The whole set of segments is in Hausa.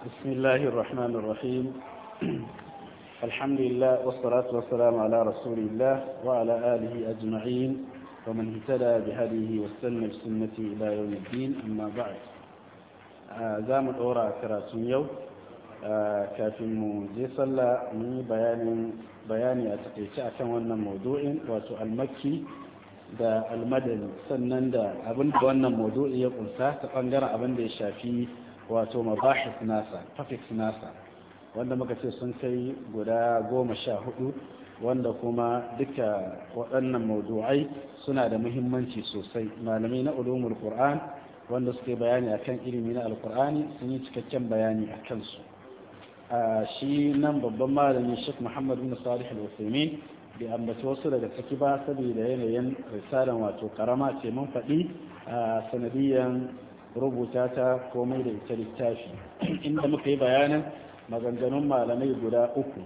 بسم الله الرحمن الرحيم الحمد لله والصلاة والسلام على رسول الله وعلى آله أجمعين ومن اهتدى بهديه واستنى بسنة إلى يوم الدين أما بعد زام الأورا كراتون يوم كافي موزي صلى من بيان بياني أتقيت أكوان موضوع وسؤال مكي da almadani sannan da abin da wannan mawdu'i ya kunsa ta bangaren abin wato mabahis nasa topics nasa wanda muka ce sun kai guda goma sha hudu wanda kuma duka waɗannan mawdu'ai suna da muhimmanci sosai malamai na ulumul qur'an wanda suke bayani akan ilimi na alqur'ani sun yi cikakken bayani a kansu shi nan babban malami Sheikh Muhammad bin Salih Al-Uthaymeen bai ambaci wasu daga ciki ba saboda yanayin risalan wato karama ce mun faɗi sanadiyan rubuta ta komai da ita littafi inda muka yi bayanin maganganun malamai guda uku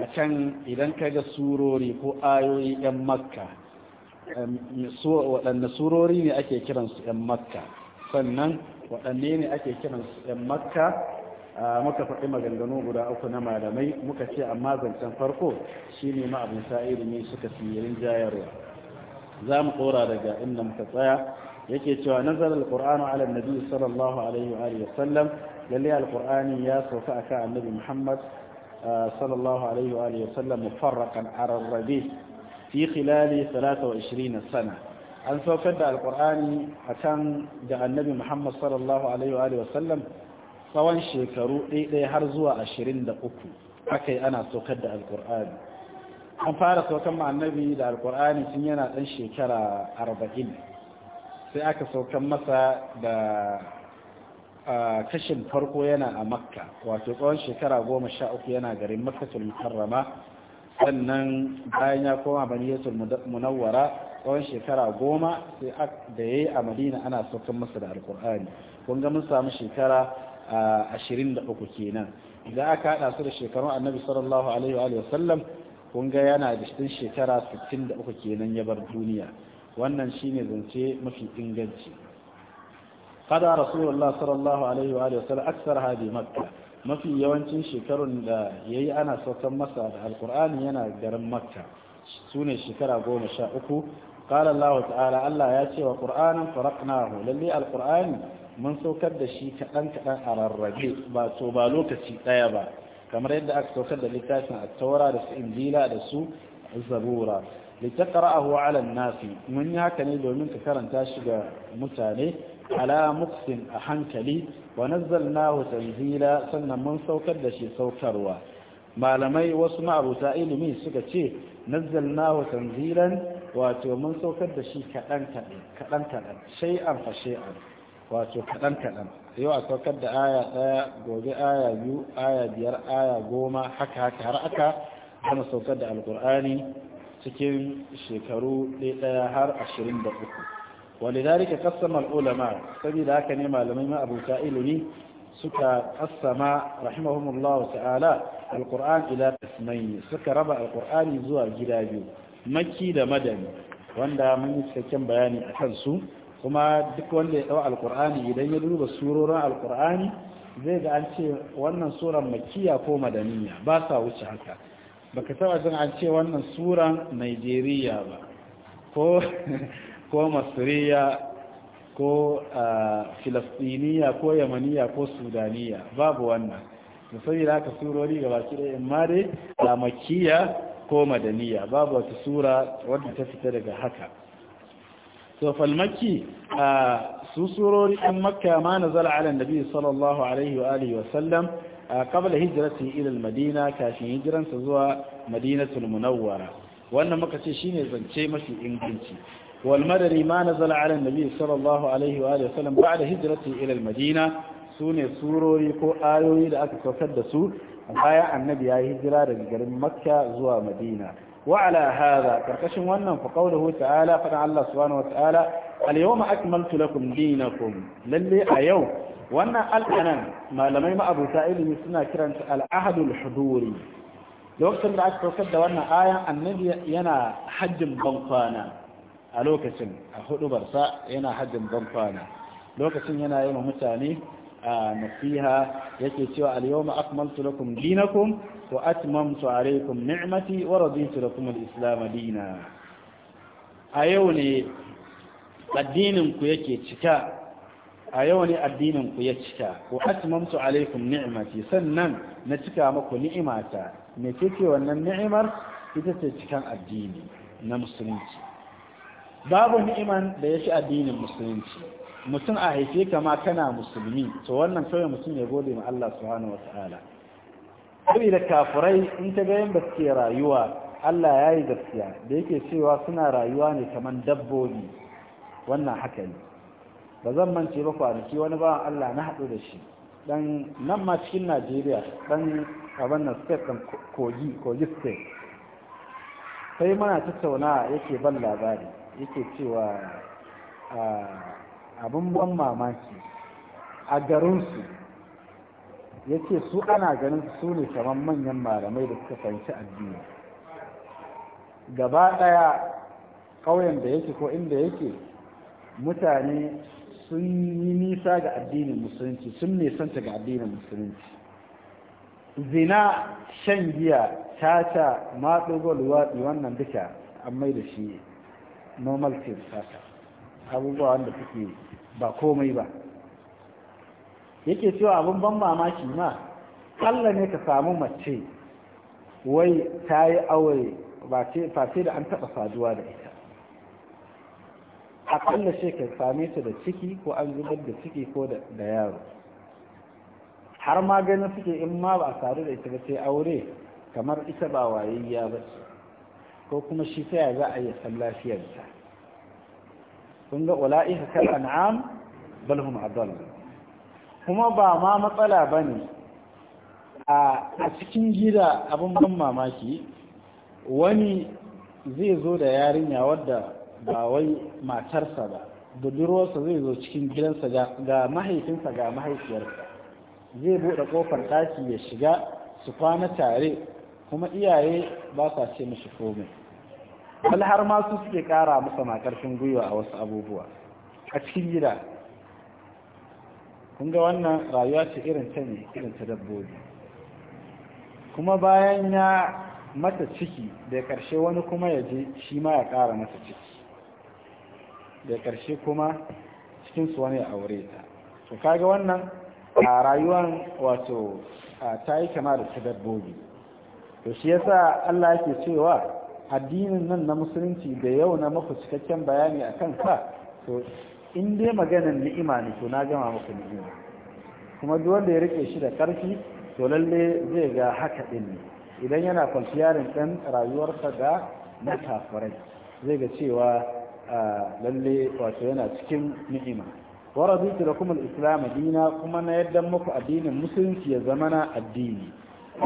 a can idan ka ga surori ko ayoyi 'yan makka waɗanne surori ne ake kiransu 'yan makka sannan waɗanne ne ake kiransu 'yan makka muka faɗi maganganu guda uku na malamai muka ce amma zancen farko shi ne ma'abin sa'iri ne suka fi jayarwa. za mu ɗora daga inda muka tsaya yake cewa nazar alqur'anu ala annabi sallallahu alaihi wa alihi wasallam lalle alqur'ani ya sauka akan annabi muhammad uh, sallallahu alaihi wa alihi wasallam mufarraqan ararrabi fi khilali 23 sana an saukar da alqur'ani akan da annabi muhammad sallallahu alaihi wa alihi wasallam tsawon shekaru ɗaiɗai har zuwa 23 akai ana saukar da alqur'ani an fara saukan ma annabi da alqur'ani tun yana dan shekara 40 sai aka saukan masa da kashin farko yana a makka wato tsawon shekara goma sha uku yana garin makkatul mukarrama sannan bayan ya koma Bani baniyatul munawwara tsawon shekara goma sai da ya yi a madina ana saukan masa da alkur'ani kun ga mun samu shekara ashirin da uku kenan idan aka haɗa su da shekarun annabi sallallahu alaihi wa sallam kun ga yana da shekara sittin da uku kenan ya bar duniya wannan shi ne zance mafi inganci kada rasulullah sallallahu alaihi wa sallam aksar hadi makka mafi yawancin shekarun da ya yi ana saukar masa da alkur'ani yana garin makka su ne shekara goma sha uku kala allahu ta'ala allah ya ce wa ƙur'anin faraknahu lalle alkur'ani mun saukar da shi kaɗan kaɗan a rarrabe ba to ba lokaci ɗaya ba kamar yadda aka saukar da littafin a taura da su injila da su zabura litaqra'ahu 'ala an-nasi mun yi haka ne domin ka karanta shi ga mutane ala muqsin a hankali wa nahu tanzila sannan mun saukar da shi saukarwa malamai wasu ma'abuta ilimi suka ce nahu tanzilan wato mun saukar da shi kaɗan kaɗan kaɗan shay'an fa shay'an wato kaɗan kaɗan yau a saukar da aya ɗaya gobe aya biyu aya biyar aya goma haka haka har aka gama saukar da alƙur'ani cikin shekaru ɗaya har ashirin da uku walidhalika qassama al-ulama saboda haka ne malamai ma abuta ilimi suka qassama rahimahumullah ta'ala al-qur'an ila suka raba al-qur'ani zuwa gida biyu makki da madani wanda mun yi cikakken bayani akan su kuma duk wanda ya dau al-qur'ani idan ya duba surorin al-qur'ani zai ga an ce wannan suran makkiya ko madaniya ba sa wuce haka baka taba jin an ce wannan suran Najeriya ba ko ko Masriya ko Filistiniya ko Yamaniya ko Sudaniya babu wannan musamman da haka surori ga baki da imma dai lamakiya ko madaniya babu wata sura wadda ta fita daga haka to falmaki a su surori ɗan makka ma nazala ala nabi sallallahu alaihi wa sallam qabla hijrati ila al-madina kafin hijiransa zuwa madinatul munawwara wannan muka ce shine zance mafi inganci wal madari ma nazala ala nabi sallallahu alaihi wa alihi wasallam ba'da hijrati ila al-madina sune surori ko ayoyi da aka saukar da su bayan annabi ya hijira daga garin makka zuwa madina وعلى هذا كركشن ونن فقوله تعالى فدع الله سبحانه وتعالى اليوم أكملت لكم Lallai a yau. wannan alƙanan malamai ma'abuta ilimi suna kiranta al'ahadul huduri lokacin da aka saukar da wannan ayan annabi yana hajjin bankwana a lokacin a hudubarsa yana hajjin bankwana lokacin yana yi mutane a nasiha yake cewa al-yawma akmaltu lakum dinakum wa atmamtu alaykum ni'mati wa raditu lakum al-islam dina a yau ne addinin ku yake cika a yau ne addinin ku ya cika ko atmamtu alaikum ni'mati sannan na cika muku ni'imata me ce wannan ni'imar ita ce cikan addini na musulunci babu ni'iman da ya ci addinin musulunci mutum a haife kama kana musulmi to wannan kawai mutum ya gode ma Allah subhanahu wataala saboda kafurai in ta ga yanda suke rayuwa Allah ya yi gaskiya da yake cewa suna rayuwa ne kaman dabbobi wannan haka ne ba zan mance ba kwanaki wani ba Allah na haɗu da shi dan nan ma cikin Najeriya dan abin nan state dan kogi kogi state sai mana tattauna yake ban labari yake cewa abin ban mamaki a garinsu ya ce su ana ganin su ne kamar manyan malamai da suka fahimci addini gaba ɗaya ƙauyen da yake ko inda yake mutane sun yi nisa ga addinin musulunci sun nesanta ga addinin musulunci zina shan giya tata maɗugo luwaɗi wannan duka an mai da shi normal things haka abubuwa wanda suke ba komai ba yake cewa abin ban mamaki ma kalla ne ka samu mace wai ta yi aure ba ce da an taɓa saduwa da ita akalla shi ka same su da ciki ko an zubar da ciki ko da yaro har ma ganin suke in ma ba a sadu da ita ba sai aure kamar ita ba wayayya ba ce ko kuma shi sai za a yi san lafiyarsa kun ga ula'ika kal an'am bal hum adall kuma ba ma matsala bane a cikin gida abin ban mamaki wani zai zo da yarinya wadda ba wai matarsa ba budurwarsa zai zo cikin gidansa ga mahaifinsa ga mahaifiyarsa zai buɗe ƙofar ɗaki ya shiga su kwana tare kuma iyaye ba sa ce mishi komai Wani har ma su suke ƙara masa ƙarfin gwiwa a wasu abubuwa a cikin gida kun ga wannan rayuwa ce irin ta ne irin ta dabbobi kuma bayan ya mata ciki da ƙarshe wani kuma ya je shi ma ya ƙara mata ciki da ƙarshe kuma cikin su wani aure ta to kaga wannan a rayuwan wato ta yi kama da dabbobi to shi yasa Allah yake cewa addinin nan na musulunci da yau na mafi cikakken bayani a kansa to in dai maganar ni'ima ne to na gama maku ni'ima kuma duk wanda ya rike shi da ƙarfi to lalle zai ga haka din ne idan yana kwanciyarin ɗan rayuwarsa da na zai ga cewa lalle wato yana cikin ni'ima wa raditu lakum al-islam dina kuma na yadda muku addinin musulunci ya zama na addini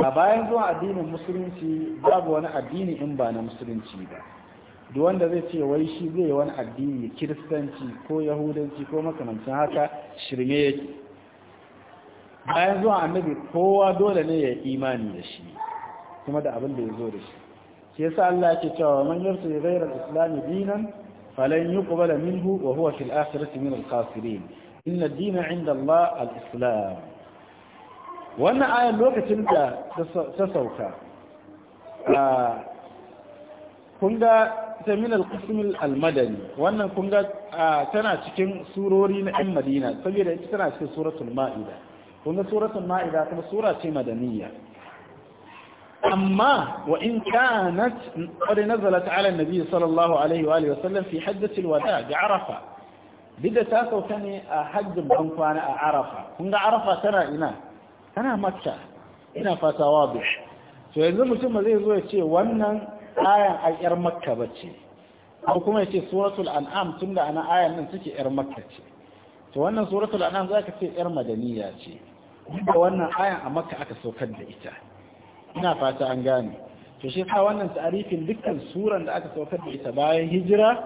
a bayan zuwa addinin musulunci babu wani addini in ba na musulunci ba duk wanda zai ce wai shi zai wani addini kiristanci ko yahudanci ko makamancin haka shirme yake bayan zuwa annabi kowa dole ne ya imani da shi kuma da abin da ya zo da shi shi yasa Allah ce cewa man yarsu ghayra al-islam dinan فلن يقبل منه وهو في الآخرة من الخاسرين إن الدين عند الله الإسلام وأن آية الوقت انت تسوكا كنت من القسم المدني وأن كنت تناتكين سورورين عن مدينة سبيل أنت تناتكين سورة المائدة كنت سورة المائدة كما سورة مدنية amma wa in kanat qad nazalat ala an-nabi sallallahu alaihi wa sallam, fi hajjati al-wada bi arafa bidda ta sauka ne a hajjin ban kwana a arafa kun ga arafa tana ina tana makka ina fata to yanzu mutum zai zo ya ce wannan ayan a yar makka bace ko kuma ya ce suratul an'am tunda ana ayan nan take yar makka ce to wannan suratul an'am zaka ce yar madaniya ce da wannan ayan a makka aka saukar da ita ina fata an gane to shi sa wannan ta'arifin dukkan suran da aka saukar da ita bayan hijira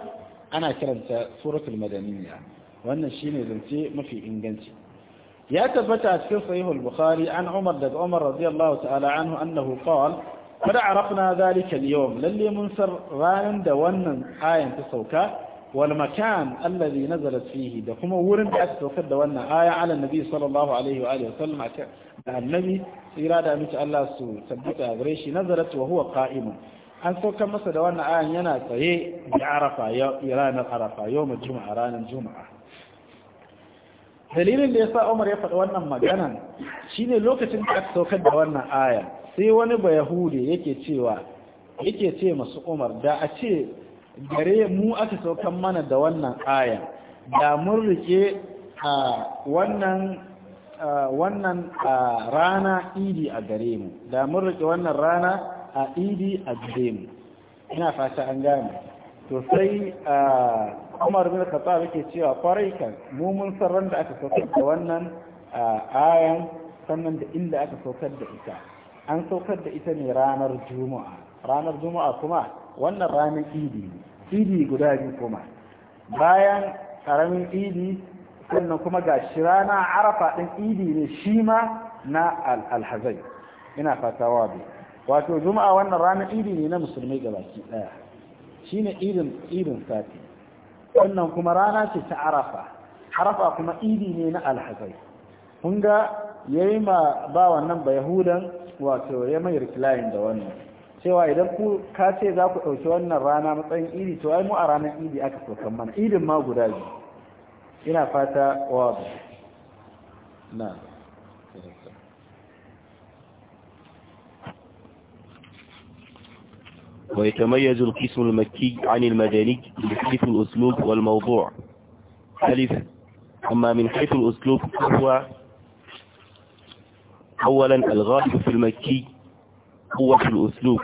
ana kiranta suratul madaniya. wannan shine zance mafi inganci ya tabbata a cikin sahihul bukhari an umar daga umar radiyallahu ta'ala anhu annahu qala qad arafna dhalika al-yawm lalle mun sar ranan da wannan ayan ta sauka wal makan alladhi nazalat fihi da kuma wurin da aka saukar da wannan aya ala nabi sallallahu alaihi wa alihi wa sallam da annabi tsira da miki Allah su tabbata gare shi nazarat wa huwa qa'imun an saukar masa da wannan ayan yana tsaye da arafa ranar arafa yau mu juma'a ranan juma'a dalilin da ya sa umar ya faɗi wannan magana shine lokacin da aka saukar da wannan aya sai wani bayahude yake cewa yake ce masu umar da a ce gare mu aka saukar mana da wannan aya da mun rike a wannan wannan rana idi a gare mu da mun rike wannan rana a idi a gare mu ina fata an gane to sai Umar bin Khattab yake cewa kwarai kan mu mun san ran da aka saukar da wannan ayan sannan da inda aka saukar da ita an saukar da ita ne ranar juma'a ranar juma'a kuma wannan ranar idi idi guda biyu kuma bayan karamin idi sannan kuma ga shi rana arafa ɗin idi ne shi ma na alhazai ina fata wa bi wato juma'a wannan ranar idi ne na ga gabaki ɗaya Shi ne idin sati wannan kuma rana ce ta arafa arafa kuma idi ne na alhazai kun ga yi ma ba wannan ba yahudan wato ya mai rikilayin da wannan cewa idan ku ka ce za ku ɗauki wannan rana matsayin idi to ai mu a ranar idi aka sokan mana idin ma guda biyu ina fata wadu na ويتميز القسم المكي عن المدني من حيث الأسلوب والموضوع ألف أما من حيث الأسلوب فهو أولا الغالب في المكي قوة الأسلوب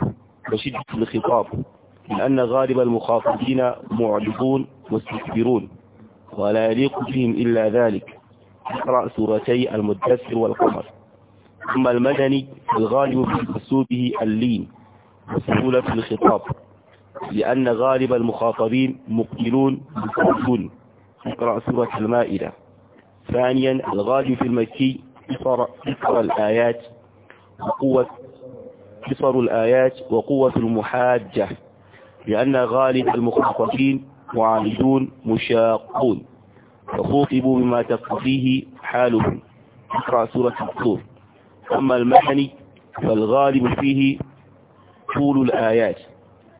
وشدة الخطاب لأن غالب المخاطبين معجبون مستكبرون ولا يليق بهم إلا ذلك اقرأ سورتي المدثر والقمر أما المدني الغالب في أسلوبه اللين وسهولة في الخطاب لأن غالب المخاطبين مقبلون مقبلون اقرأ سورة المائدة ثانيا الغالب في المكي قصر الآيات وقوة قصر الآيات وقوة المحاجة لأن غالب المخاطبين معاندون مشاقون فخوطبوا بما تقتضيه حالهم اقرأ سورة الطور أما المحني فالغالب فيه طول الآيات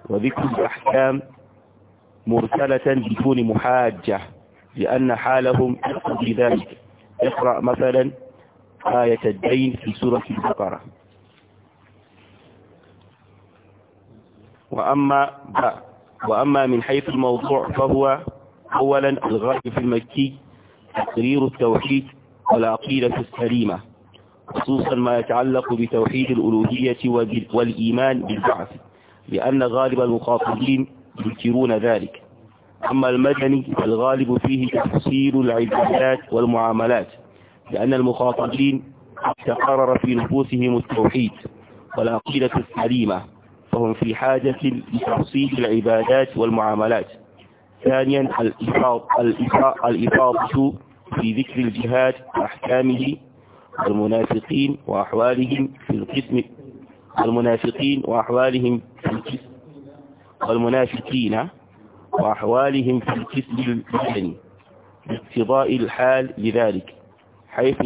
وذكر الأحكام مرسلة بدون محاجة لأن حالهم تقتضي ذلك اقرأ مثلا آية الدين في سورة البقرة وأما باء وأما من حيث الموضوع فهو أولا الغرب في المكي تقرير التوحيد والعقيدة السليمة خصوصا ما يتعلق بتوحيد الألوهية والإيمان بالبعث لأن غالب المخاطبين ينكرون ذلك أما المدني فالغالب فيه تفسير العبادات والمعاملات لأن المخاطبين تقرر في نفوسهم التوحيد والعقيدة السليمة فهم في حاجة لتفصيل العبادات والمعاملات ثانيا الإفاضة في ذكر الجهاد وأحكامه المنافقين وأحوالهم في القسم المنافقين وأحوالهم في القسم والمنافقين وأحوالهم في القسم البدني باقتضاء الحال لذلك حيث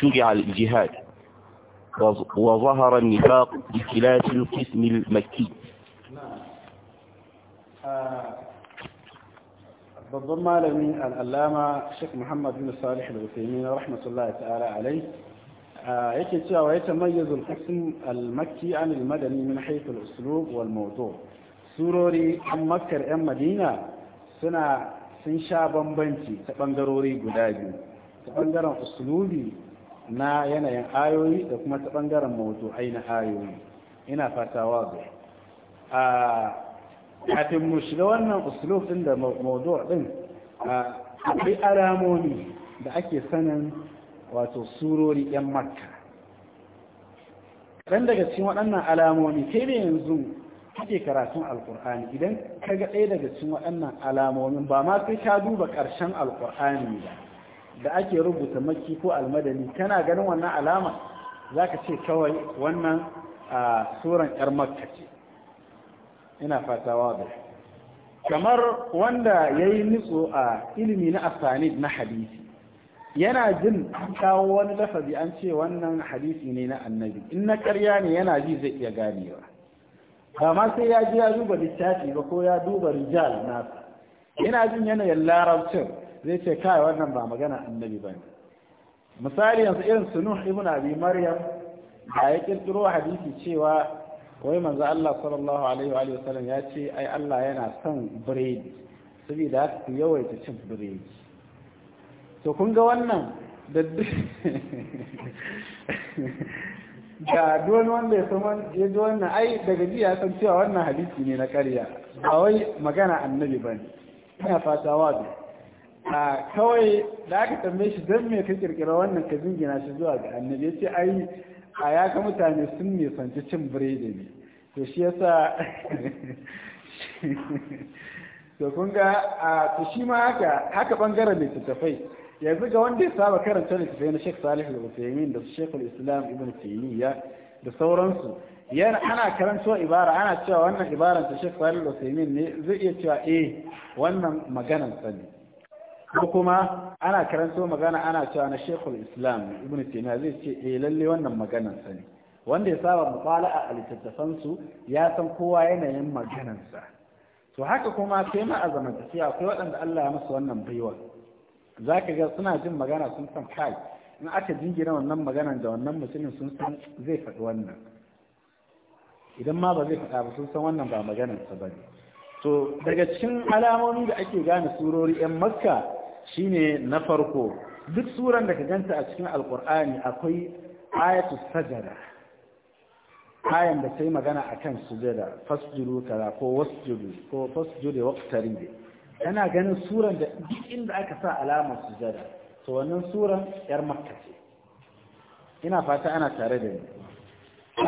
شرع الجهاد وظهر النفاق بخلاف القسم المكي نعم. بالضم من الألامة الشيخ محمد بن صالح الغثيمين رحمة الله تعالى عليه آه، يكتب ويتميز القسم المكي عن المدني من حيث الأسلوب والموضوع سوروري ام مكر أم مدينة سنة سنشا بمبنتي تبنجروري قدادي تبنجر أسلوبي na yanayin ayoyi da kuma ta ɓangaren mawuto na ayoyi ina fata wazo a kafin mu shiga wannan uslub ɗin da din ɗin akwai alamomi da ake sanin wato surori 'yan makka ɗan daga cikin waɗannan alamomi kai ne yanzu kake karatun Alƙur'ani? idan ka ga ɗaya daga cikin waɗannan alamomin ba ma sai ka duba ƙarshen Alƙur'ani ba da ake rubuta maki ko almadani kana ganin wannan alama za ka ce kawai wannan a suran yar makka ce ina fatawa da kamar wanda ya yi a ilimi na asanid na hadisi yana jin kawo wani lafazi an ce wannan hadisi ne na annabi in na karya ne yana ji zai iya ganewa ba ma sai ya ji ya duba littafi ba ko ya duba rijal nasa yana jin yanayin larabcin zai ce kai wannan ba magana annabi ba ne misali yanzu irin su nuh ibn abi maryam da ya kirkiro hadisi cewa wai manzo Allah sallallahu alaihi wa alihi wasallam ya ce ai Allah yana son biredi saboda haka ku yawaita cin biredi to kun ga wannan da da don wanda ya san ya ji wannan ai daga jiya san cewa wannan hadisi ne na ƙarya ba wai magana annabi bane ina fata wa a kawai da aka tambaye shi don me ka kirkira wannan ka jingina shi zuwa ga annabi yace ai a ya ga mutane sun ne sanci cin biredi ne to shi yasa to kun ga a to shi ma haka haka bangaren littattafai yanzu ga wanda ya saba karanta littattafai na Sheikh Salih Al-Uthaymeen da Sheikh Al-Islam Ibn Taymiyyah da sauransu yana ana karanto ibara ana cewa wannan ibaran ta Sheikh Salih Al-Uthaymeen ne zai iya cewa eh wannan maganar sani ne ko kuma ana karanto magana ana cewa na shekul islam ibn taymiya zai ce eh lalle wannan maganar sa ne wanda ya saba mutala'a a littattafan su ya san kowa yanayin maganar sa to haka kuma sai ma a zamantakewa akwai waɗanda Allah ya musu wannan baiwa zaka ga suna jin magana sun san kai in aka jingina wannan maganar da wannan mutumin sun san zai faɗi wannan idan ma ba zai faɗa ba sun san wannan ba maganar sa ne. to daga cikin alamomi da ake gane surori yan makka shine na farko duk suran da ka ganta a cikin alkur'ani akwai ayatu sajada ayan da sai magana akan sujada fasjuru kaza ko wasjudu ko fasjudu waqtarib yana ganin suran da duk inda aka sa alamar sujada to wannan suran yar makka ce ina fata ana tare da ni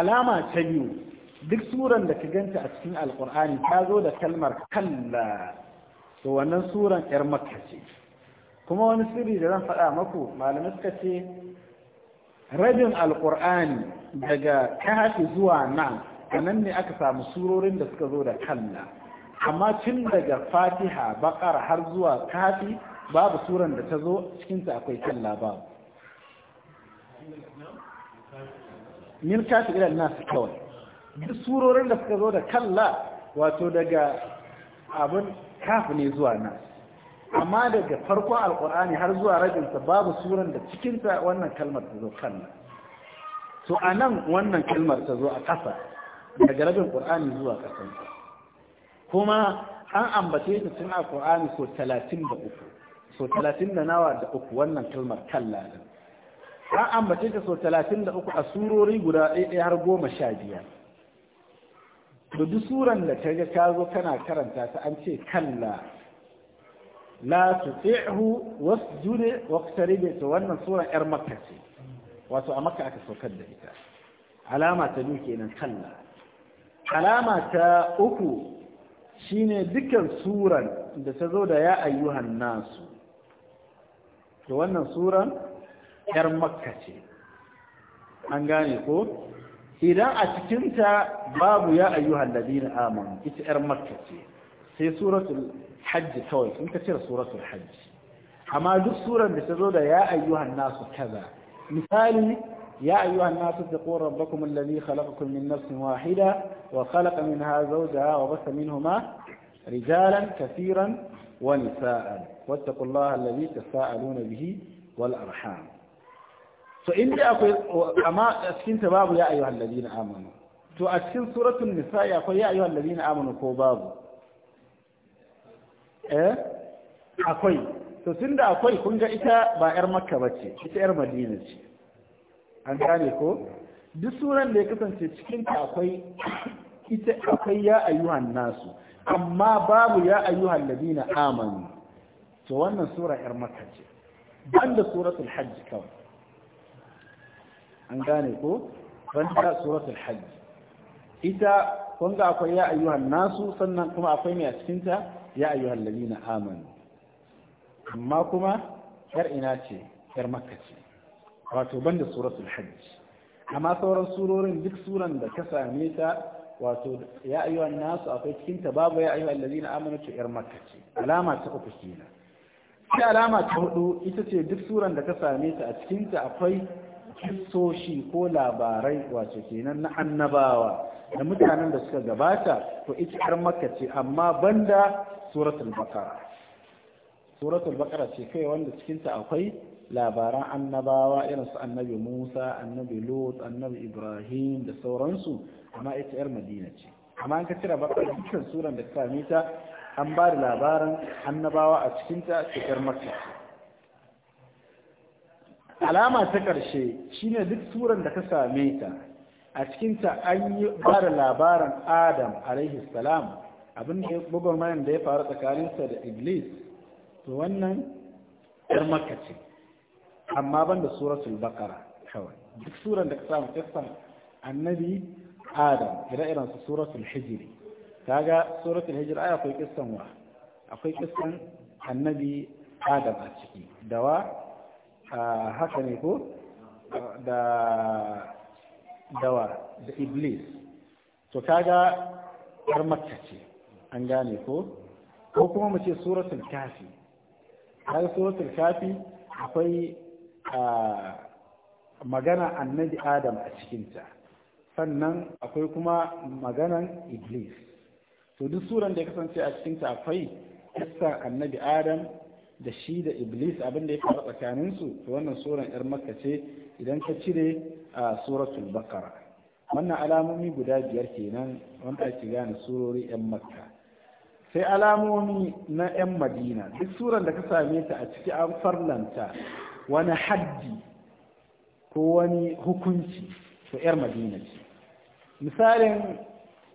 alama ta biyu duk suran da ka ganta a cikin alkur'ani ta zo da kalmar kalla to wannan suran yar makka ce kuma wani sirri da zan faɗa maku malamai suka ce rabin alƙur'ani daga kafi zuwa nan a nan ne aka samu surorin da suka zo da kalla amma tun daga fatiha Baƙar, har zuwa kafi babu suran da ta zo cikinta akwai kalla babu min kafi ilal nasu kawai duk surorin da suka zo da kalla wato daga abin kafi ne zuwa nasu amma daga farko alkur'ani har zuwa rabinsa babu suran da cikinta wannan kalmar ta zo kan To a nan wannan kalmar ta zo a ƙasa daga rabin ƙur'ani zuwa ƙasansa kuma an ambace ta tun a ƙur'ani so talatin da uku so talatin da nawa da uku wannan kalmar kalla din an ambace ta so talatin da uku a surori guda ɗaya har goma sha biyar da duk suran da ta ga ka zo kana karanta ta an ce kalla la tuti'hu wasjud waqtarib to wannan sura yar makka ce wato a makka aka saukar da ita alama ta biyu kenan kalla alama ta uku shine dukkan suran da ta zo da ya ayyuhan nasu to wannan suran yar makka ce an gane ko idan a cikinta babu ya ayyuhan ladina amanu ita yar makka ce sai suratul حج سوي انت ka cire الحج اما amma سورة surar يا ايها الناس كذا مثال يا أيها الناس اتقوا ربكم الذي خلقكم من نفس واحدة وخلق منها زوجها وبث منهما رجالا كثيرا ونساء واتقوا الله الذي تساءلون به والأرحام فإن أما أسكنت باب يا أيها الذين آمنوا تؤسكن سورة النساء يقول يا أيها الذين آمنوا كو بابوا eh akwai to tunda da akwai kun ga ita ba 'yar makka ba ce ita 'yar madina ce an gane ko duk sunan da ya kasance cikin ta akwai ita akwai ya ayyuhan nasu amma babu ya ayyuhan ladina amanu to wannan sura 'yar makka ce banda suratul hajj kawai an gane ko banda suratul hajj ita kun ga akwai ya ayyuhan nasu sannan kuma akwai mai a cikin ta ya ayyuhal na amanu amma kuma yar ina ce yar makka ce wato banda suratul hajj amma sauran surorin duk suran da ka same ta wato ya ayyuhan nasu akwai cikin ta babu ya ayyuhal na amanu ce yar makka ce alama ta uku kenan sai alama ta hudu ita ce duk suran da ka same ta a cikin ta akwai kissoshi ko labarai wato kenan na annabawa da mutanen da suka gabata to ita 'yar makka ce amma banda suratul baqara suratul baqara ce kai wanda cikinta akwai labaran annabawa irin su annabi Musa annabi Lut annabi Ibrahim da sauransu amma ita yar Madina ce amma an ka cire baqara cikin suran da ka same ta an ba da labaran annabawa a cikinta yar makka alama ta ƙarshe shine duk suran da ka same ta a cikinta an yi ba da labaran adam alaihi salam abin da mayan da ya faru tsakaninsa da iblis to wannan yar makka ce amma ban da suratul bakara kawai duk suran da ka samu kissan annabi adam ire-iren su suratul hijiri ga suratul hijiri ai akwai kissan wa akwai kissan annabi adam a ciki da wa haka ne ko da dawa da iblis to kaga har makka ce an gane ko ko kuma mu ce suratul kafi har suratul kafi akwai magana annabi adam a cikinta sannan akwai kuma maganan iblis to duk suran da ya kasance a cikinta akwai kissa annabi adam da shi da iblis abin da ya faru tsakaninsu to wannan suran yar makka ce idan ka cire a suratul bakara wannan alamomi guda biyar kenan wanda ake gane surori yan makka sai alamomi na 'yan madina duk suran da ka same ta a ciki an farlanta wani haddi ko wani hukunci ta 'yar madina ce misalin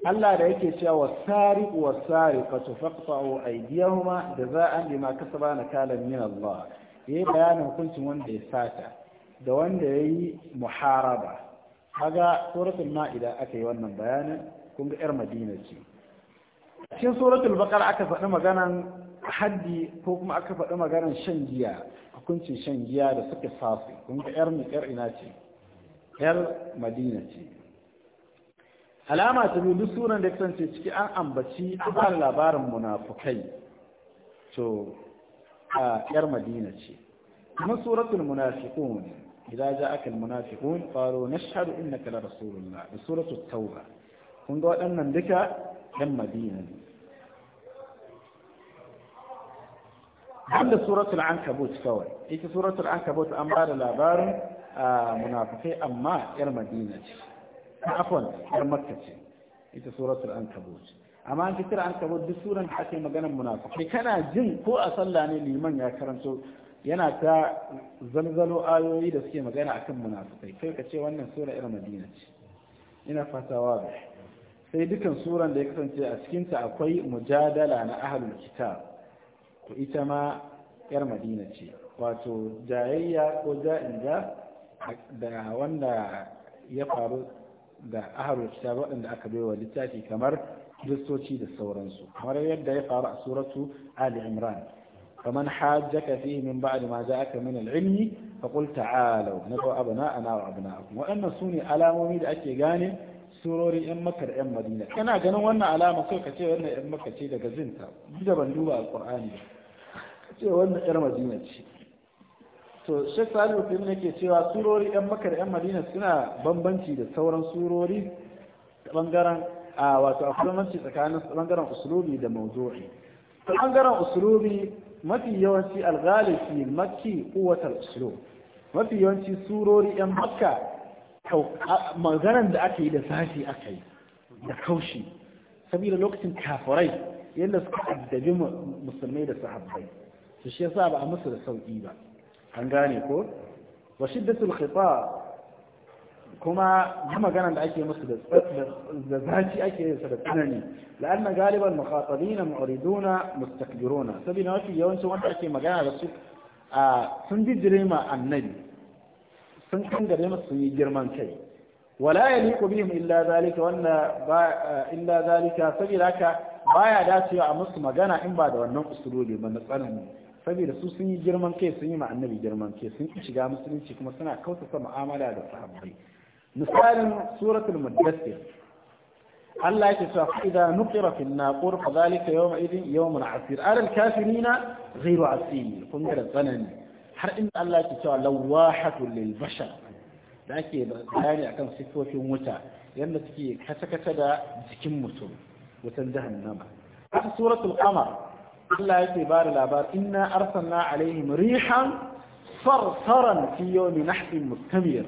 Allah da yake cewa wasari wasari kato faƙfa'o aidiyahuma da za an bima kasaba na kalan min Allah ya yi bayanin hukuncin wanda ya sata da wanda ya yi muharaba kaga suratul ma'ida aka yi wannan bayanin kun ga 'yar madina ce cikin suratul baqara aka faɗi maganan haddi ko kuma aka faɗi maganan shan giya hukuncin shan giya da suke safi kun ga yar yar ina ce yar madina ce alama ta biyu duk sunan da kasance ciki an ambaci an labarin munafukai to a yar madina ce kuma suratul munafiqun idan ja al munafiqun qalu nashhadu innaka la rasulullah da suratul tauba kun ga waɗannan duka ɗan madina ne hadda suratul ankabut kawai ita suratul ankabut an ba da labarin munafikai amma yar madina ce afon yar makka ce ita suratul ankabut amma an fitar ankabut duk suran da ake maganar munafikai kana jin ko a sallah ne liman ya karanto yana ta zanzalo ayoyi da suke magana akan munafikai kai ka ce wannan sura yar madina ce ina fata wa sai dukan suran da ya kasance a cikinta akwai mujadala na ahalul kitab to ita ma yar madina ce wato jayayya ko ja'inga da wanda ya faru da ahalul kitab waɗanda aka wa littafi kamar kiristoci da sauransu kamar yadda ya faru a suratu ali imran فمن حاجك فيه من بعد ما جاءك من العلم فقل تعالوا ندعو أبناءنا su ne alamomi da ake gane. surorin 'yan maka da 'yan madina kana ganin wannan alama kai ka ce wannan 'yan maka ce daga zinta da ban duba alƙur'ani ka ce wannan 'yar madina ce to shek salihu fi ke cewa surori 'yan maka da 'yan madina suna bambanci da sauran surori ta bangaren a wato akwai bambanci tsakanin bangaren usulubi da mawzu'i ta bangaren usulubi mafi yawanci alghalifi makki quwwatul uslub mafi yawanci surori 'yan makka maganar da aka yi da sashi aka yi da kaushi saboda lokacin kafirai yadda suka addabi musulmai da sahabbai su shi yasa ba a musu da sauki ba an gane ko wa shiddatul khita kuma na magana da ake musu da zaci ake yin da tsanani la'anna galiban mukhatabina mu'riduna mustakbiruna saboda mafi yawancin wanda ake magana da su sun bi ma annabi sun kangare masu sun yi girman kai wala ya liku bihim illa zalika wanda ba illa zalika saboda haka baya dacewa a musu magana in ba da wannan usulobi ba na tsanani saboda su sun yi girman kai sun yi ma annabi girman kai sun shiga musulunci kuma suna kautata mu'amala da sahabbai misalin suratul muddassir Allah yake cewa fa idan nuqira fi an-naqur fa zalika yawma idin yawmun asir ala al-kafirina ghayru asir kun ga tsanani har inda Allah ke cewa lawahatu lil bashar da ake bayani akan sifofin wuta yadda suke kasa-kasa da jikin mutum wutan jahannama haka suratul qamar Allah yake ba da labar inna arsalna alaihim rihan sarsaran fi yawmin nahsin mustamir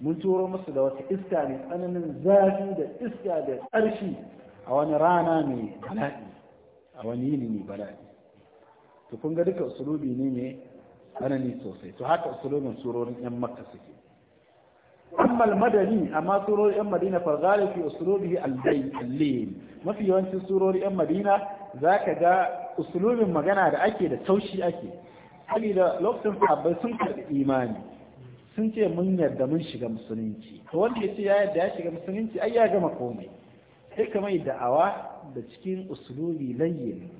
mun turo musu da wata iska mai tsananin zafi da iska da ƙarfi a wani rana mai bala'i a wani yini mai bala'i to kun ga duka usulubi ne mai tsanani sosai to haka usulubin surorin yan makka suke amma madani amma surorin yan madina fa ghalibi usulubihi al-layl mafi yawancin surorin yan madina zaka ga usulubin magana da ake da taushi ake da lokacin sahabbai sun karbi imani sun ce mun yarda mun shiga musulunci to wanda ya ce ya yarda ya shiga musulunci ai ya gama komai sai kamar da'awa da cikin usulubi layyin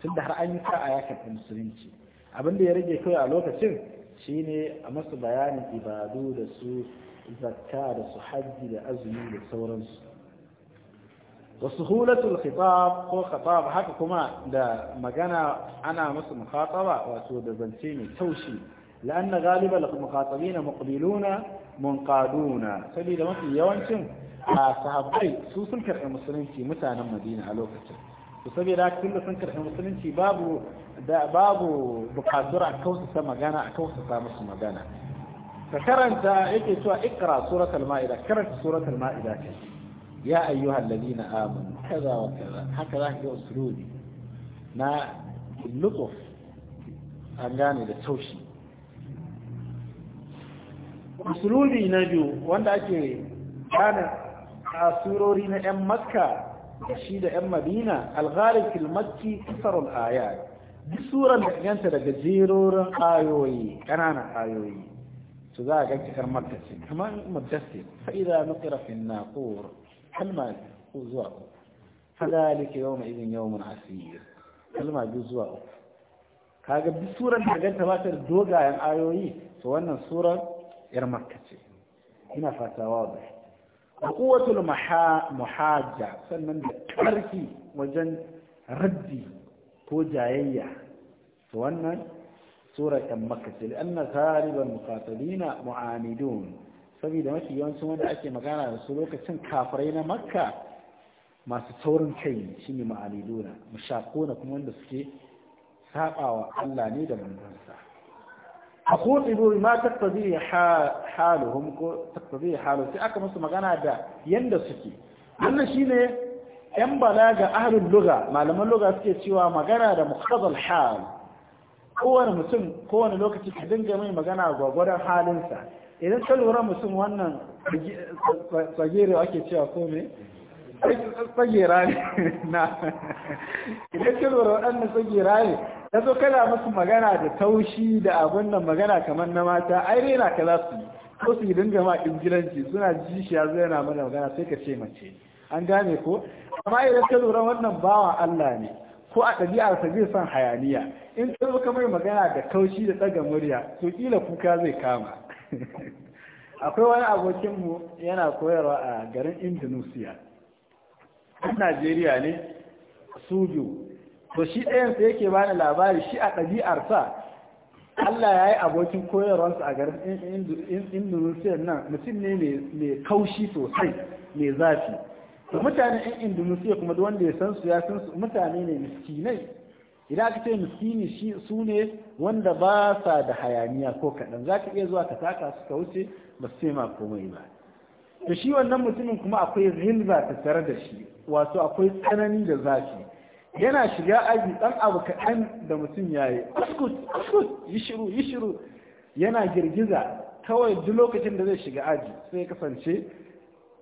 tunda har an yi sa'a ya karɓi musulunci abin da ya rage kai a lokacin shine a masu bayanin ibadu da su zakka da su hajji da azumi da sauransu wa suhulatul khitab ko khitab haka kuma da magana ana masu mukhataba wato da zance mai taushi لأن غالب المخاطبين muqbiluna منقادون Sabida mafi yawancin a sahabbai su sun karɓi musulunci mutanen madina a lokacin to saboda haka tunda sun karɓi musulunci babu da babu bukatar a kausasa magana a kausasa musu magana ka karanta yake cewa ikra suratul ma'ida karanta suratul ma'ida kai ya ayyuhal ladina amanu kaza wa kaza haka za ka ga usulubi na lutuf an gane da taushi usulubi na biyu wanda ake gane a surori na 'yan makka da shi da 'yan madina alghalib fil makki kasarul ayat duk suran da ganta daga jerorin ayoyi ƙananan ayoyi to za a ganta kar maddasi kamar maddasi fa idza nuqira fi naqur kalma ko zuwa uku fa zalika yawma idin yawmun asir kalma biyu zuwa uku kaga duk suran da ganta ba ta dogayen ayoyi to wannan suran yar makka ce ina fata wa bai quwwatul muhajja sannan da ƙarfi wajen raddi ko jayayya su wannan sura ɗan makka ce anna tariban muqatalina mu'amidun saboda mafi yawancin wanda ake magana da su lokacin kafirai na makka masu saurin kai shine ma'aniduna mushaquna kuma wanda suke saɓawa Allah ne da manzansa ma فخوطبوا ما ko حالهم تقتضي halu sai aka musu magana da yanda suke wannan shine yan balaga ahlul lugha malaman lugha suke cewa magana da muqtadal hal kowane mutum kowane lokaci ka dinga mai magana gwagwaran halinsa idan ka lura mutum wannan tsagere ake cewa ko me tsagera ne na idan ka lura waɗannan tsagera ne ta zo kana musu magana da taushi da abun nan magana kamar na mata ai rena ka za su yi ko su dinga ma ingilanci suna jishiya zai yana mana magana sai ka ce mace an gane ko amma idan ka lura wannan bawa Allah ne ko a sa zai san hayaniya in ka zo kamar mai magana da taushi da tsaga murya to kila kuka zai kama akwai wani abokin mu yana koyarwa a garin indonesia ɗan najeriya ne suju to shi ɗayansa yake bani labari shi a ɗabi'ar sa, Allah ya yi abokin koyarwarsa a garin Indonesia nan mutum ne mai kaushi sosai mai zafi to mutanen in Indonesia kuma da wanda ya san su ya san su mutane ne miskinai idan aka ce miskini shi su ne wanda ba sa da hayaniya ko kaɗan za ka iya zuwa ka taka su ka wuce ba su ma komai ba to shi wannan mutumin kuma akwai ghilza ta tare da shi wato akwai tsanani da zafi yana shiga aji ɗan abu kaɗan da mutum yayi, yi askut askut yi shiru yi shiru yana girgiza kawai duk lokacin da zai shiga aji sai kasance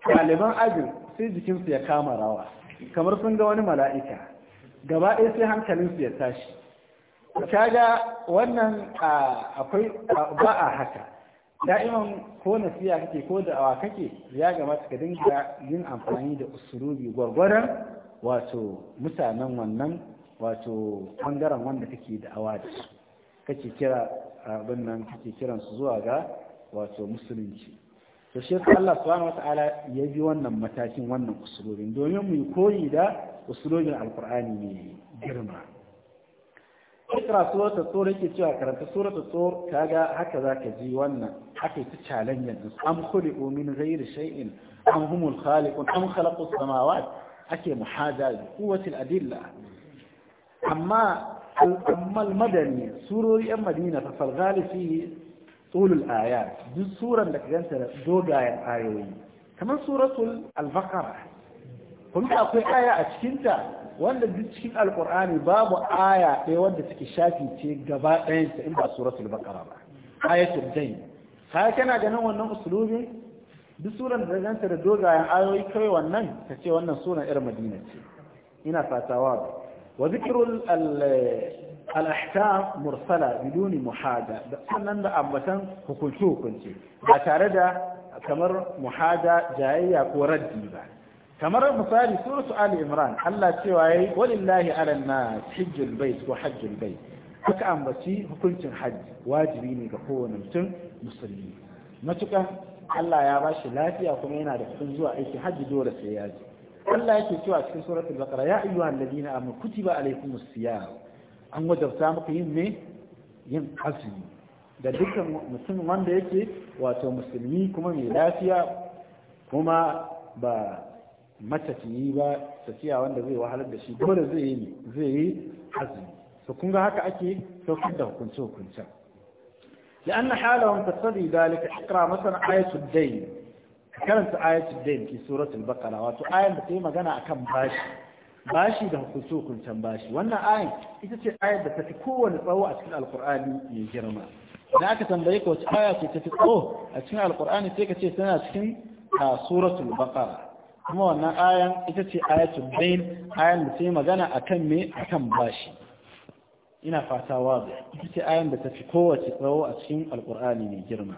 ɗaliban ajin sai jikinsu ya kama rawa kamar sun ga wani mala'ika gaba ɗaya sai hankalinsu ya tashi kaga wannan akwai ba a haka da'iman ko nasiya kake ko da awa kake ya gamata ka dinga yin amfani da usurubi gwargwaran wato mutanen wannan wato ɓangaren wanda kake awa da su kake kira abin nan kake kiran su zuwa ga wato musulunci to shi yasa Allah subhanahu wataala ya bi wannan matakin wannan usulobin domin mu koyi da usulobin alqur'ani ne girma ikra surata tur yake cewa karanta surata tur kaga haka zaka ji wannan haka ita challenge din am khuliqu min ghairi shay'in an humul khaliqun am khalaqu samawati ake muhada da kuwatin adilla amma al'ammal madani surori yan madina fa falgalisi tsulul aya duk suran da ka ganta da dogayen ayoyi kamar suratul al-baqara akwai aya a cikinta wanda duk cikin alkur'ani babu aya ɗaya wanda take shafi ce gaba in ba suratul baqara ba ayatul dayn kai kana ganin wannan usulubin duk suran da ganta da dogayen ayoyi kai wannan ta ce wannan sunan yar madina ce ina fatawa wa zikrul al-ahkam mursala biduni muhada sannan da ambatan hukunci hukunci ba tare da kamar muhada jayayya ko raddi ba kamar misali suratu ali imran Allah cewa yayi walillahi ala nas hajjul bait ko hajjul bait aka ambaci hukuncin hajji wajibi ne ga kowane mutum musulmi matuƙa Allah ya ba shi lafiya kuma yana da kudin zuwa aiki hajji dole sai ya je Allah yake cewa cikin suratul baqara ya ayyuhal ladina amanu kutiba alaykumus siyam an wajabta muku yin me yin azumi da dukkan mutum wanda yake wato musulmi kuma mai lafiya kuma ba matafiyi ba tafiya wanda zai wahalar da shi dole zai yi zai yi azumi to kun ga haka ake saukar da hukunce hukuncen لأن حالهم تقتضي ذلك اقرأ مثلا آية الدين كانت آية الدين في سورة البقرة واتو آية بتي مغانا أكم باشي باشي ده فسوق تنباشي وانا آية إتتي آية بتتكون روى أسكن القرآن يجرما لأك تنبريك وتآية تتكوه أسكن القرآن تيكتي سنة أسكن سورة البقرة kuma wannan ayan ita ce ayatul bayn ayan da sai magana akan me akan bashi ina fata wazi ita ce ayan da ta fi kowace tsawo a cikin alkur'ani mai girma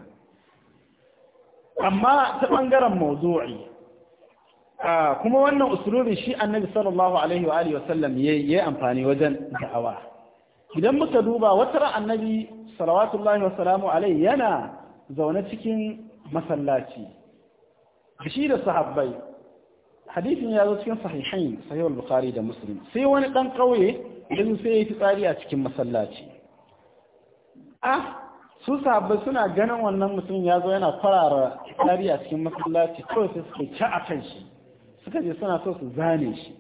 amma ta ɓangaren mawzu'i kuma wannan usulubin shi annabi sallallahu alaihi wa alihi wasallam yayi amfani wajen da'awa idan muka duba wata annabi salawatullahi wa salamu alaihi yana zaune cikin masallaci shi da sahabbai hadisin ya zo cikin sahihain sahih al-bukhari da muslim sai wani dan kauye yanzu sai ya fitsari a cikin masallaci ah su sabbin suna ganin wannan mutum ya zo yana kwarara fitsari a cikin masallaci kawai sai suke ci a kan shi suka je suna so su zane shi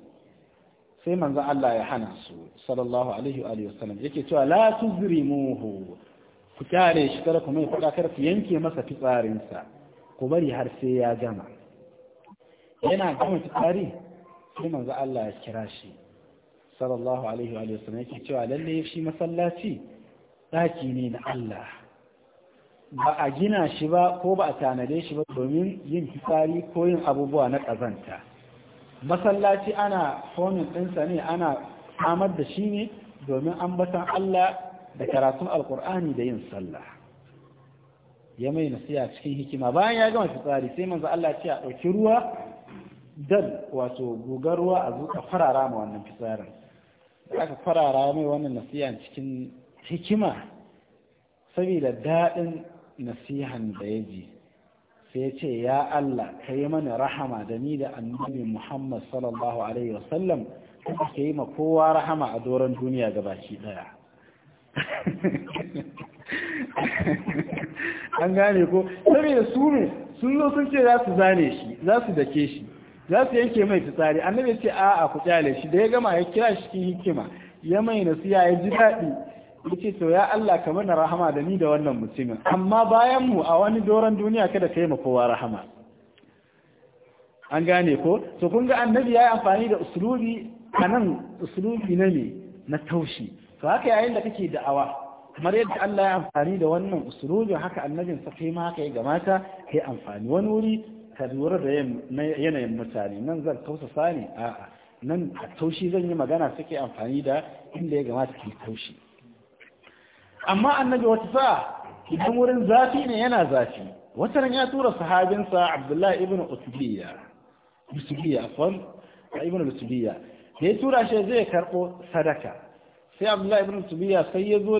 sai manzan Allah ya hana su sallallahu alaihi wa sallam yake cewa la tuzrimuhu ku kyare shi kada ku mai kuɗa ku yanke masa fitsarinsa ku bari har sai ya gama yana gama fitsari sai manzan Allah ya kira shi sallallahu alaihi wa sallam yake cewa lalle shi masallaci daki ne na Allah ba a gina shi ba ko ba a tanade shi ba domin yin fitsari ko yin abubuwa na ƙazanta masallaci ana fomin ɗinsa ne ana samar da shi ne domin ambatan Allah da karatun alkur'ani da yin sallah ya mai nasiya cikin hikima bayan ya gama fitsari sai manzo Allah ce a ɗauki ruwa dal wato gugar ruwa a zuƙa farara ma wannan fitsarin aka farara mai wannan nasiha cikin hikima saboda daɗin nasihan da ya ji sai ce ya Allah ka yi mana rahama da ni da annabi Muhammad sallallahu alaihi wasallam kuma ka yi ma kowa rahama a doron duniya baki daya an gane ko saboda su ne sun zo sun ce za su zane shi za su dake shi za su yanke mai fitsari annabi ce a ku kyale shi da ya gama ya kira shi cikin hikima ya mai nasiya ya ji daɗi ce to ya Allah ka mana rahama da ni da wannan mutumin amma bayan mu a wani doron duniya kada ka yi ma kowa rahama an gane ko to kun ga annabi ya yi amfani da usulubi a nan usulubi na ne na taushi to haka yayin da kake da'awa kamar yadda Allah ya amfani da wannan usulubin haka annabin sa kai ma haka ya gamata kai amfani wani wuri ka lura da yanayin mutane nan zan tausasa ne a'a nan a taushi zan yi magana suke amfani da inda ya gamata suke taushi amma annabi wata sa'a idan wurin zafi ne yana zafi wata nan ya tura sahabinsa abdullahi ibn Utubiyya. afwan ah, da ya tura shi zai karɓo sadaka sai abdullahi ibn Utubiyya sai ya zo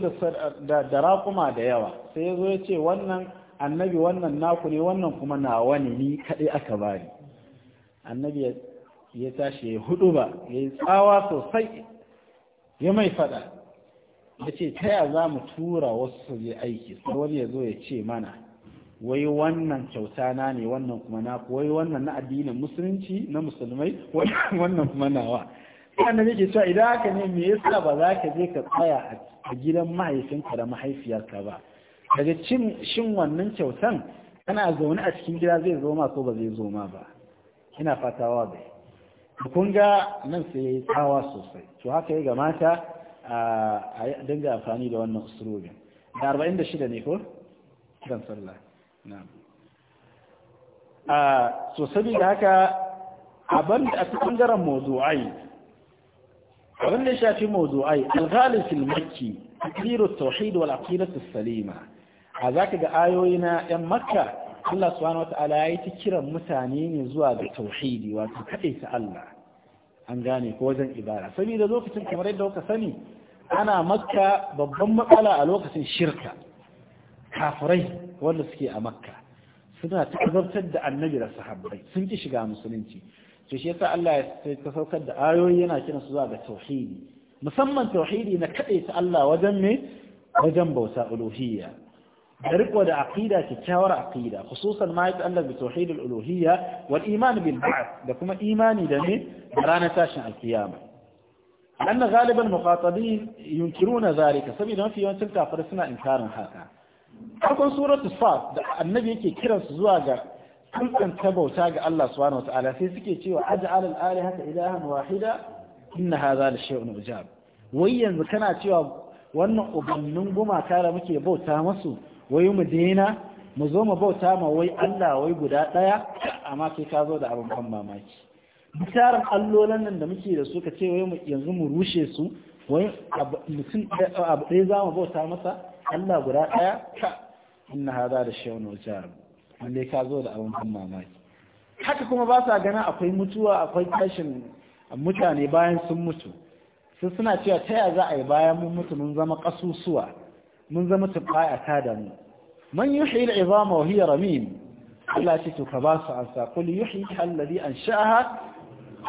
da raƙuma da yawa sai ya zo ya ce wannan annabi wannan naku ne wannan kuma nawa ne ni kaɗai aka bari annabi ya tashi ya hudu ba ya yi tsawa sosai ya mai faɗa ya ce ta ya za mu tura wasu su je aiki sai ya zo ya ce mana wai wannan kyauta na ne wannan kuma na wai wannan na addinin musulunci na musulmai wannan kuma nawa wannan yake cewa idan haka ne me yasa ba za ka je ka tsaya a gidan mahaifinka da mahaifiyarka ba daga cin shin wannan kyautan kana zaune a cikin gida zai zo ma ko ba zai zo ma ba ina fatawa bai kun ga nan sai ya yi tsawa sosai to haka ya gamata a dinga amfani da wannan usulobin da arba'in da shida ne ko kiran sallah na'am a so da haka abin da aka bangaren mawdu'ai abin da shafi mawdu'ai al-ghalib fil makki taqrir tauhid wal aqidah salima a za ka ga ayoyi na 'yan makka Allah subhanahu ya yi ta kiran mutane ne zuwa ga tauhidi wato kaɗai ta Allah an gane ko wajen ibada saboda lokacin kamar yadda kuka sani ana makka babban matsala a lokacin shirka kafirai wanda suke a makka suna ta'azartar da annabi da sahabbai sun ki shiga musulunci to shi yasa Allah ya ta saukar da ayoyi yana kiran su zuwa ga tauhidi musamman tauhidi na kaɗai ta Allah wajen me wajen bauta uluhiyya da riko da aqida kyakkyawar aqida khususan ma yatallab bi tauhid al-uluhiyya wal iman bil da kuma imani da ne ranar tashin al-qiyama galiban ghaliban muqatabin yunkiruna zalika saboda mafi yawan tunta fara suna inkarin haka akon suratu saf da annabi yake kiransu zuwa ga tunkan tabauta ga Allah subhanahu sai suke cewa alal al-alaha ilahan wahida inna hadha la shay'un ujab wai yanzu tana cewa wannan ubannin goma kare muke bauta masu wai mu dena mu zo mu bauta ma wai Allah wai guda ɗaya amma sai ka zo da abin kan mamaki misalan allolan nan da muke da su ka ce wai yanzu mu rushe su wai mutum abu ɗaya za mu bauta masa Allah guda ɗaya inna hada da shawun wajar wanda ka zo da abin kan mamaki haka kuma ba sa ganin akwai mutuwa akwai kashin mutane bayan sun mutu sun suna cewa ta ya za a yi bayan mun mutu mun zama ƙasusuwa من زمت القاية أكادم من يحيي العظام وهي رميم ألا تتكباس عنها قل يحيي الذي أنشأها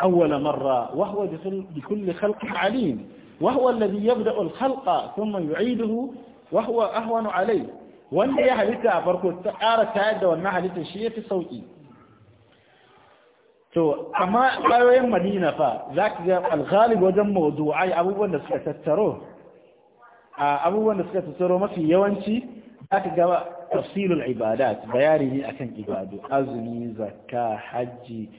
أول مرة وهو بكل خلق عليم وهو الذي يبدأ الخلق ثم يعيده وهو أهون عليه والذي يحلت أبرك التعارة كادة والمحلت الشيء في صوتي to amma bayan madina fa zaki ga alghalib wajen mawdu'ai abubuwan da suka abubuwan da suka tattaro mafi yawanci ka gaba tafsilul ibadat bayani ne akan ibadu azumi zakka hajji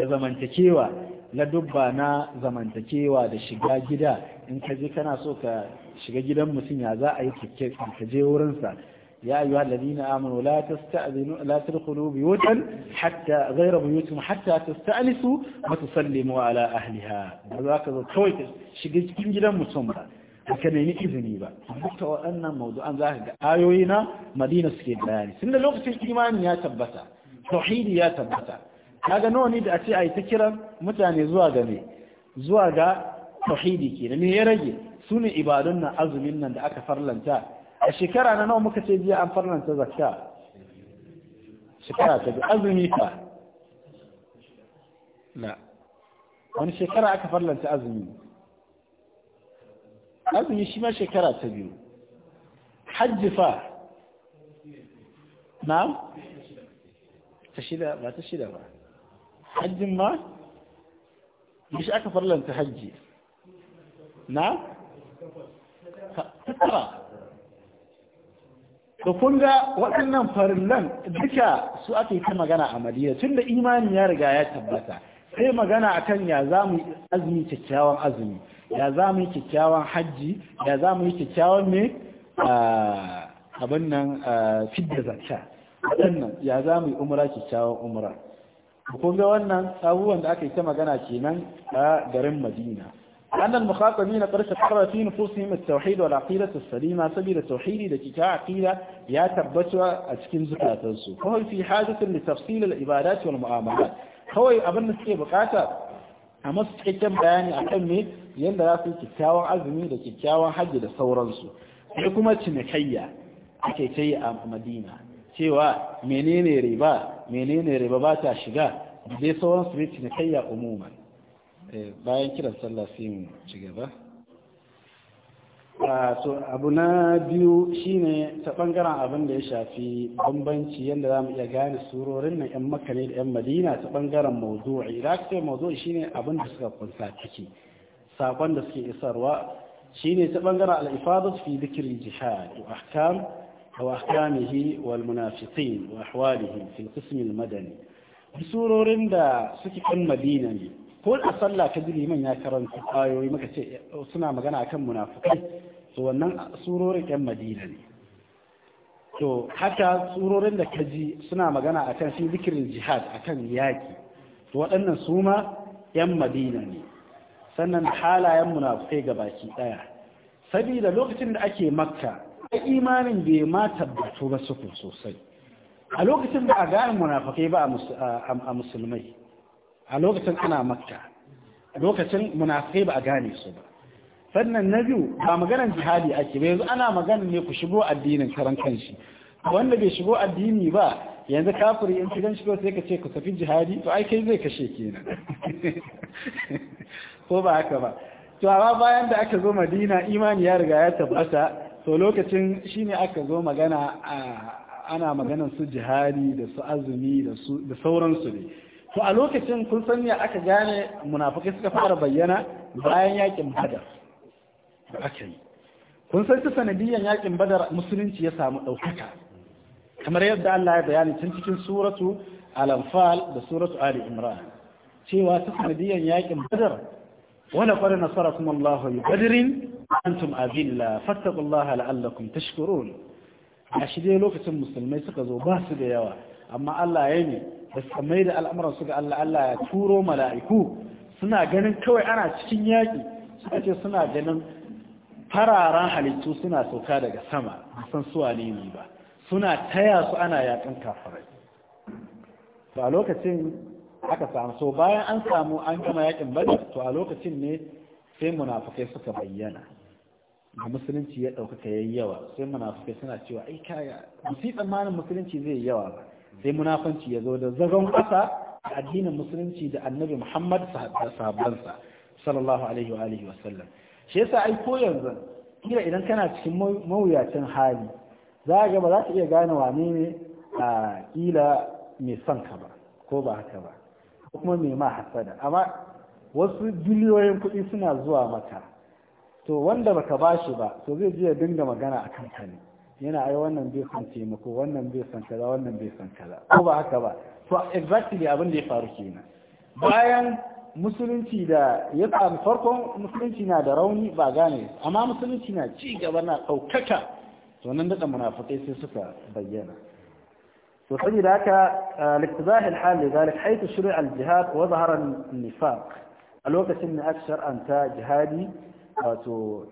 da zamantakewa na dubba na zamantakewa da shiga gida in ka je kana so ka shiga gidan mutum ya za a yi ka je wurinsa ya ayu alladina amanu la tasta'zinu la tadkhulu buyutan hatta ghayra buyutum hatta tasta'nisu wa tusallimu ala ahliha ba za ka zo kawai ka shiga cikin gidan mutum ba ka nemi izini ba dukkan waɗannan mawdu'an za ka ga ayoyi na madina suke bayani tunda lokacin imani ya tabbata tauhidi ya tabbata kaga nawa ne da a ce a yi ta kiran mutane zuwa ga me zuwa ga tauhidi ke me ya rage su ne ibadun nan azumin nan da aka farlanta a shekara na nawa muka ce jiya an farlanta zakka shekara ta ga azumi fa na wani shekara aka farlanta azumi azumi shi ma shekara ta biyu hajji fa na ta shida ba ta shida ba hajjin ma shi aka farlanta hajji na tara da kunga waɗannan farillan duka su ake ta magana a madina tun da imani ya riga ya tabbata sai magana akan ya za mu azumi kyakkyawan azumi ya za mu kyakkyawan hajji ya za mu yi kyakkyawan ne abin nan fidda zarca ya za mu yi kyakkyawan umura kun ga wannan sabuwar da aka yi ta magana kenan a garin madina an nan mukhaƙami na ƙarshe ƙarar fi nufusun mai tauhidu al'aƙira ta salima saboda tauhidi da kika aƙira ya tabbatuwa a cikin zukatansu kawai fi hajjatun da tafsilin ibada ce wani kawai abin da suke bukata a masu cikakken bayani a kan me yadda za su yi kyakkyawan azumi da kyakkyawan hajji da sauransu sai kuma cinikayya ake ta yi a madina cewa menene riba menene riba ba ta shiga da dai sauransu ne cinikayya umuman eh, bayan kiran sallah sai mu ci gaba abu na biyu shine ta bangaren abin da ya shafi bambanci yadda za mu iya gane surorin na 'yan makane da 'yan madina ta bangaren mawdu'i da aka ce mawdu'i shine abin da suka kunsa ciki sakon da suke isarwa shine ta bangaren al'ifadus fi zikirin jihad wa ahkam wa ahkamihi wal munafiqin wa ahwalihim fi madani surorin da suke kan madina ne ko a sallah ta liman ya karanta ayoyi muka ce suna magana akan munafukai. so wannan surorin yan madina ne to haka surorin da ka ji suna magana akan shi zikirin jihad kan yaƙi. to waɗannan su ma yan madina ne sannan halayen munafukai ga baki ɗaya sabida lokacin da ake makka imanin bai ma tabbatu ba suku sosai a lokacin da a gane munafukai ba a musulmai a lokacin ana makka lokacin munafukai ba a gane su ba sannan na biyu ba maganar jihadi ake ba yanzu ana magana ne ku shigo addinin karan kanshi wanda bai shigo addini ba yanzu kafiri in cikin shigo sai ka ce ku tafi jihadi to ai kai zai kashe kenan ko ba haka ba to amma bayan da aka zo madina imani ya riga ya tabbata to lokacin shine aka zo magana ana maganan su jihadi da su azumi da sauransu ne to a lokacin kun sanya aka gane munafukai suka fara bayyana bayan yakin badar da aka yi kun san ta sanadiyyar yakin badar musulunci ya samu ɗaukaka kamar yadda Allah ya bayani tun cikin suratu al-anfal da suratu ali imran cewa ta sanadiyyar yakin badar wala qad nasarakum Allahu bi badrin antum azilla fattaqullaha la'allakum tashkurun a dai lokacin musulmai suka zo ba su da yawa amma Allah ya ne da samai da al'amuran su ga Allah Allah ya turo mala'iku suna ganin kawai ana cikin yaƙi suka ce suna ganin fararen halittu suna sauka daga sama san suwa ne ne ba suna taya su ana yakin kafirai to a lokacin aka samu so bayan an samu an gama yakin badar to a lokacin ne sai munafukai suka bayyana da musulunci ya ɗaukaka ya yi yawa sai munafukai suna cewa ai kaya musi tsammanin musulunci zai yi yawa ba sai munafanci ya zo da zagon ƙasa addinin musulunci da annabi muhammad da sahabbansa sallallahu alaihi wa alihi wa sallam shi yasa ai ko yanzu kila idan kana cikin mawuyacin hali za ga ba za ka iya gane wane ne a kila mai son ka ba ko ba haka ba kuma mai ma hasada amma wasu biliyoyin kuɗi suna zuwa maka to wanda baka bashi ba to zai je ya dinga magana a kan ka ne yana ai wannan bai son taimako wannan bai son kaza wannan bai son kaza ko ba haka ba to exactly abin da ya faru kenan bayan musulunci da ya samu farkon musulunci na da rauni ba gane amma musulunci na ci gaba na ɗaukaka to nan daɗa munafukai sai suka bayyana to saboda haka liktizahil hali zalik haitu shuri aljihad wa zaharar nifaq a lokacin da aka shar'anta jihadi wato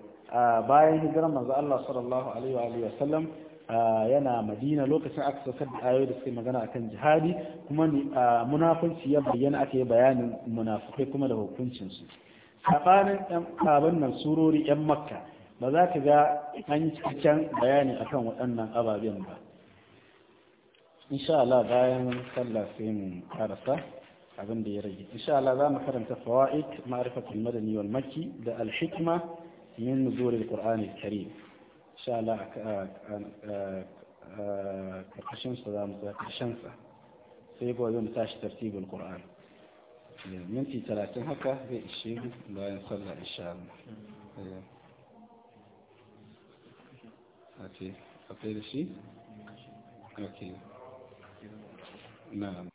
bayan hijirar manzo Allah sallallahu alaihi wa sallam yana madina lokacin aka saukar da ayoyi da suke magana akan jihadi kuma munafunci ya bayyana aka yi bayanin munafukai kuma da hukuncinsu tsakanin yan abin nan surori yan makka ba za ka ga an cikakken bayani akan waɗannan ababen ba insha bayan sallah sai mu karasa abin da ya rage insha za mu karanta fawaid ma'rifatul madani wal makki da al hikma min nuzulil qur'anil karim شاء كقشن صدام كشنسة سيبوا يوم تاش ترتيب القرآن يعني من في ثلاثين هكا في الشيء لا ينصلى إن شاء الله أكيد أيوه. أكيد الشيء أوكي نعم